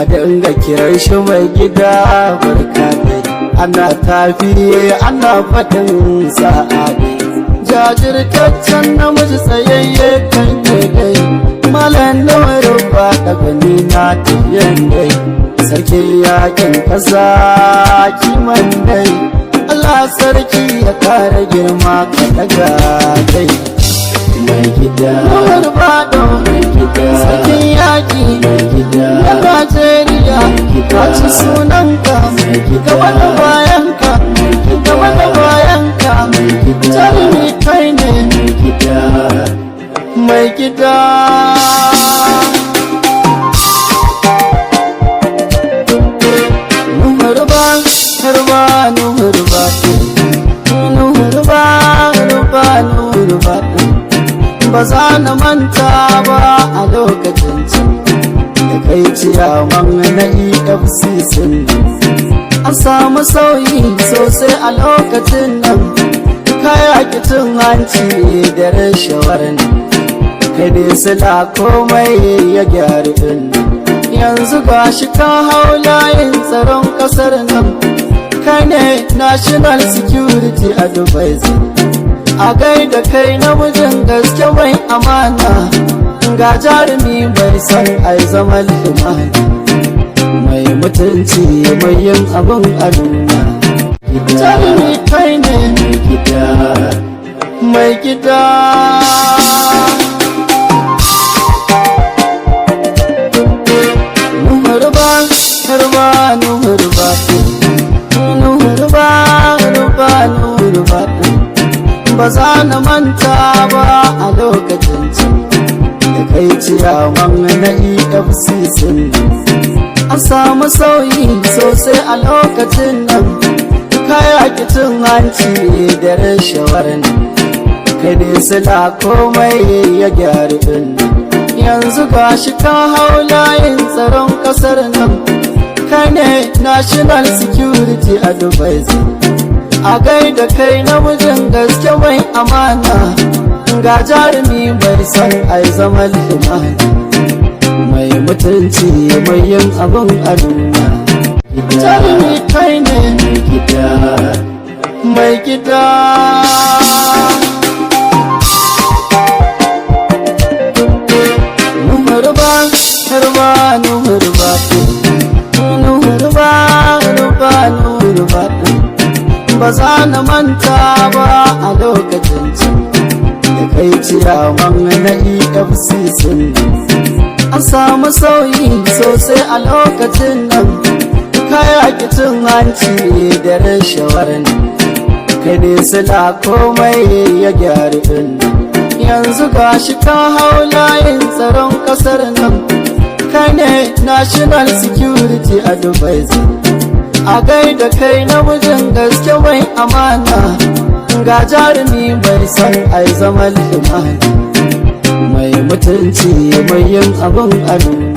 a dinga kiran shi mai gida barka dai ana tafi ana faɗin sa'adi jajirtaccen namiji tsayayye kan dai malam nawa ba daga ni na tiyan dai sarki yakin kasa kiman dai Allah sarki ya kara girma ka daga dai mai gida Nawar ba sakin yaƙi na Najeriya ka ci sunanka gaba da bayanka gaba da bayanka jarumi kai ne mai gida ba za na manta ba a lokacin can da kai ciyawan na efcc an samu sauyi sosai a lokacin nan kayaki cin hanci da rashawar nan kai dai komai ya gyara din yanzu ga shi ka hau layin tsaron kasar nan kai ne national security advisor a gaida kai na namijin gaske mai amana ga jarumi bai san ai zama lumana mai mutunci mai yin abin al'umma jarumi kai ne mai gida mai gida ba za na manta ba a lokacin cin da kai ciyawan na efcc an samu sauyi sosai a lokacin nan kaya cin hanci da rashawar nan kai ne sila komai ya gyara din yanzu shi ka hau layin tsaron kasar nan kai ne national security advisor a gaida kai na mijin gaske mai amana ga jarumi mai son ai zaman limani mai mutunci mai yin abin aduna jarumi kai ne mai gida Nuhurba, nuhurba, nuhurba, nuhurba, nuhurba, nuhurba, ba za na manta ba a lokacin ci. da kai ciyawan na efc sun an samu sauyi sosai a lokacin nan kayaki cin hanci da rashawar nan kai ne sila komai ya gyara din yanzu shi ka hau layin tsaron kasar nan Ka ne national security advisor a gaida kai namijin gaske mai amana ga jarumi mai san ai zaman limani mai mutunci mai yin abin ado